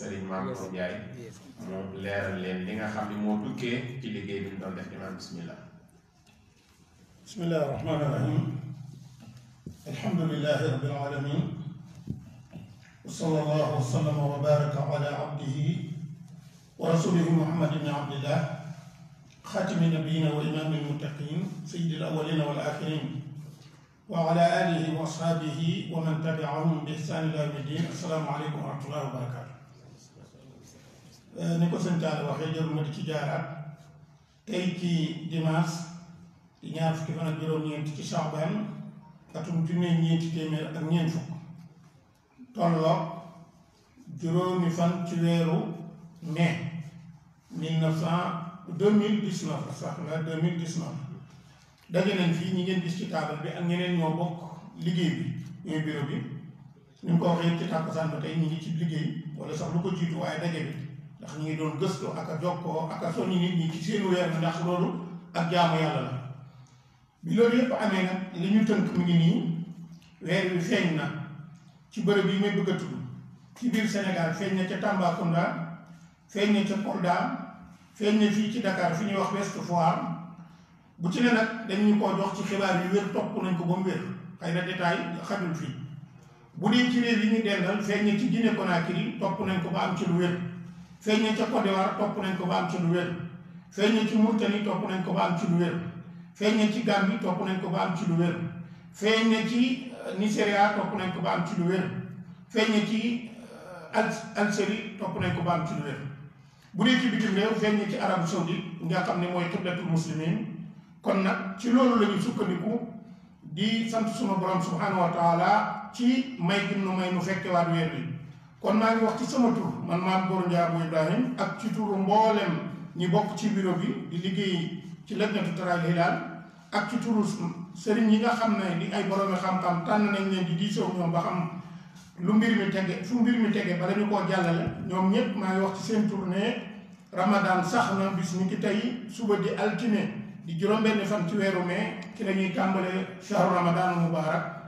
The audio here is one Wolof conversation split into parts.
سليم مانكو جاي مو لير لين لين خام مو دوكي تي ليغي دي دون ديف امام بسم الله بسم الله الرحمن الرحيم الحمد لله رب العالمين وصلى الله وسلم وبارك على عبده ورسوله محمد بن عبد الله خاتم النبيين وامام المتقين سيد الاولين والاخرين وعلى اله واصحابه ومن تبعهم باحسان الى يوم الدين السلام عليكم ورحمه الله وبركاته Eh, ni ko sëñ Talla waxee jarul ma di ci jaaraat tey ci dimanche di ñaar fukki fan ak juróom-ñeent ci Saabaan atum junne ñeenti téeméer ak ñeent fukk tolloo juróomi fan ci weeru mai mille neuf cent deux mille dix neuf sax la deux mille dix neuf daje nañ fii ñi ngeen gis ci taabal bi ak ñeneen ñoo bokk liggéey bi ñooy bureau bi ni mu ko waxee ci tàkkusaan ba tey ñu ngi ci liggéey wala sax lu ko jiitu waaye daje bi ndax ñu ngi doon gëstu ak a jokkoo ak a soññi nit ñi ci seen weer na ya, ndax loolu ak jaamu yàlla la bi loolu yëpp amee kan, nag li tënk mi ngi nii weer wi na ci bërëb yi may bëgg a ci biir Sénégal na ca Tambacounda feeñ na ca Kolda na fii ci Dakar fi ñuy wax West Foire bu ci ne nag dañ ñu koo jox ci xibaar yi wér topp nañ ko ba mu wér na détail xamul fi bu dee ci réew yi ñu dendal na ci Guinée Conakry topp nañ ko ba am ci lu feeñee ca Côte d'Ivoire topp nañ ko ba am ci lu wér feeñee ci Mauritanie topp nañ ko ba am ci lu wér feeñee ci Gambie topp nañ ko ba am ci lu wér feeñee ci euh, Nigeria topp nañ ko ba lu wér feeñee ci euh, Algérie topp nañ ko ba am ci lu wér bu dee ci bitim réew feeñee ci Arabie Saoudite nga xam mooy xiblatul muslimin kon nag ci loolu la ñu sukkandiku di sant sunu borom subhanahu wa taala ci may gim nu may nu fekke waat weer bi kon maa ngi wax ci sama tur man maam Gora Ndiago Ibrahim ak ci turu mboolem ñi bokk ci bureau bi di liggéey ci Lajnatu Taraaxil Hilaal ak ci turu sëriñ yi nga xam ne di ay boroomi xam-xam tànn nañ leen di diisoo ñoom ba xam lu mbir mi tege fu mbir mi tege bala ñu koo jàllale ñoom ñëpp maa ngi wax ci seen tur ne Ramadan sax na bis ni ki tey suba di altime di juróom-benn fan ci weeru mai ci la ñuy tàmbale shahru Ramadan mubarak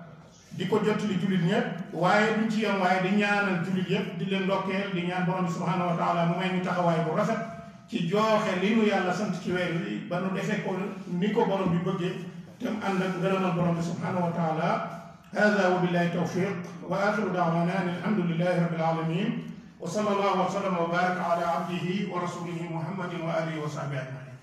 di ko jottali julit ñëpp waaye duñ ci yam waaye di ñaanal julit yëpp di leen ndokkeel di ñaan borom subhanahu wa taala mu may ñu taxawaay bu rafet ci joxe li nu yàlla sant ci weer yi ba nu defee ko ni ko borom bi bëggee tam ànd ak ngërëmal borom bi subhanahu wa taala هذا وبالله التوفيق واخر دعوانا الحمد لله رب العالمين وصلى الله وسلم وبارك على عبده ورسوله محمد واله وصحبه اجمعين